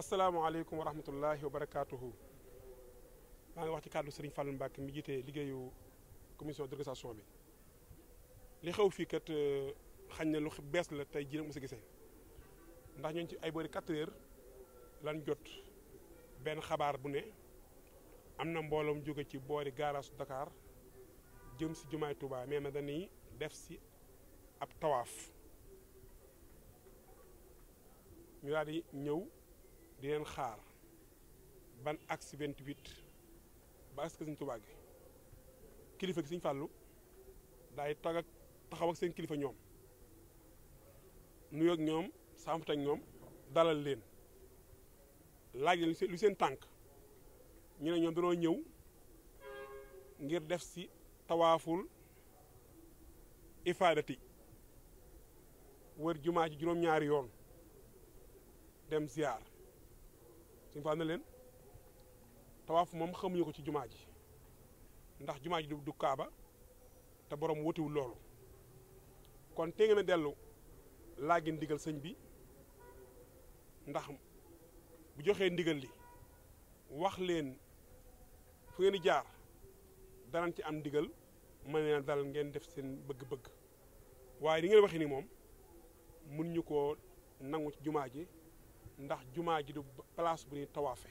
asalaamaaleykum wa rahmatullahi wa barakaatuhu maa ngi wax ci kàddu Serigne Fallou Mbacke mi jiite liggéeyu commission d'organisation bi li xew fii kat euh, xañ na lu bees la tey jii mu si gisee ndax ñooñu ci ay boori 4 lan jot benn xabaar bu ne am na mbooloom jóge ci boori garage Dakar jëm si jumaay Touba mais nag dañuy def si ab tawaaf ñu daal ñëw. di leen xaar ban axe 28 ba axe Sëñ Tuubaa gi kilifa gi Sëñ Fàllu daay toog ak taxaw ak seen kilifa ñoom nuyoo ak ñoom saamat ak ñoom dalal leen laaj leen lu seen tànk ñu ne ñoom dañoo ñëw ngir def si tawaaful ifaadati wër jumaa ji juróom-ñaari yoon dem ziar suñu faa ne leen tawaaf moom xamuñu ko ci jumaa ji ndax jumaa ji du kaaba te boroom wutiwul loolu kon te ngeen dellu laa gi ndigal sëñ bi ndax bu joxee ndigal li wax leen fu ngeen di jaar danañ ci am ndigal mën na dal ngeen def seen bëgg-bëgg waaye li ngeen waxee ni moom mun ñu koo nangu ci jumaa ji ndax jumaa ji du place bu ñuy tawaafe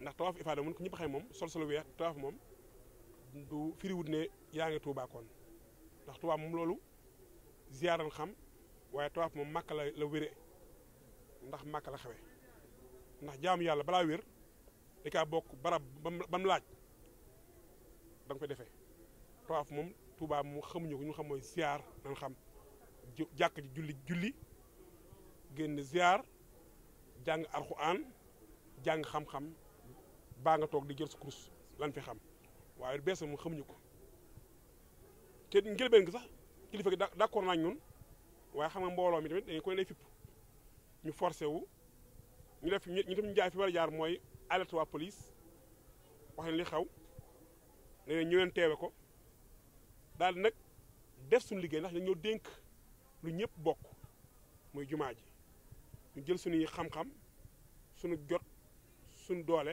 ndax tawaaf ifaada mun ko ñëpp xëy moom sol sol weex tawaaf moom du firiwut ne yaa ngi Tuubaa kon ndax Tuubaa moom loolu ziyaaran xam waaye tawaaf moom màkk la la wére ndax màkk la xewe ndax jaamu yàlla balaa wér da kaa bokk barab ba laaj da nga koy defee tawaaf moom Tuubaa mu xamuñu ko ñu xam mooy ziyaar nañ xam jàkk julli julli génn ziar jàng alxuraan jàng xam-xam baa nga toog di jël sa kurus lan fi xam waaye bees mu xamuñu ko te njëlbeen gi sax kilifa gi d'accord nañ ñun waaye xam nga mbooloo mi tamit dañu koy lay fipp ñu forcé wu ñu def ñu tam ñu jaay fi war a jaar mooy alerte waa police wax leen li xaw ne leen teewe ko daal nag def suñu liggéey ndax dañoo dénk lu ñëpp bokk muy jumaa ji ñu jël suñuy xam-xam suñu jot suñu doole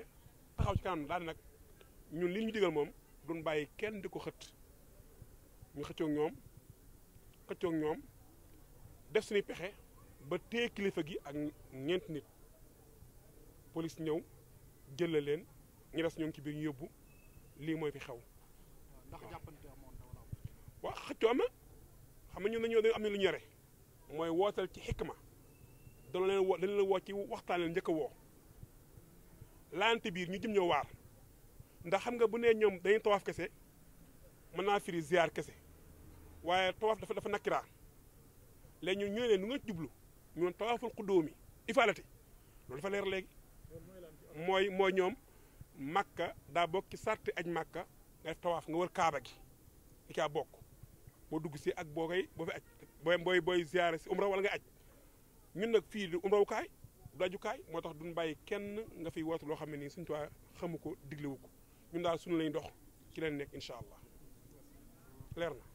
taxaw ci kanam daal nag ñun li ñu digal moom duñ bàyyi kenn di ko xët ñu xëccoog ñoom xëccoog ñoom def suñuy pexe ba téye kilifa gi ak ñeent nit police ñëw jël la leen ñu des ñoo ci biir ñu yóbbu lii mooy fi xew. ndax jàppante amoon na wala. na xam nga ñun am na lu ñere mooy wootal ci xikma. dana leen woo dana leen woo ci waxtaan leen njëkk a woo laante biir ñu jëm ñoo waar ndax xam nga bu nee ñoom dañuy tawaaf kese mën naa firi ziar kese waaye tawaaf dafa dafa nakkiraa léegi ñun ñu ne nu nga jublu ñun tawaaful xuddóo mi ifaalati loolu dafa leer léegi mooy mooy ñoom makka daa bokk ci sarti aj màkka nga def tawaaf nga wër kaaba gi di caa bokk boo dugg si ak boo koy boo fi aj booy booy booy si umra wala nga aj ñun nag fii du umrawukaay du ajukaay moo tax duñ bàyyi kenn nga fiy woote loo xam ne nii suñu tuwaa xamu ko diglewu ko ñun daal suñu lañ dox ci leen nekk incha allah leer na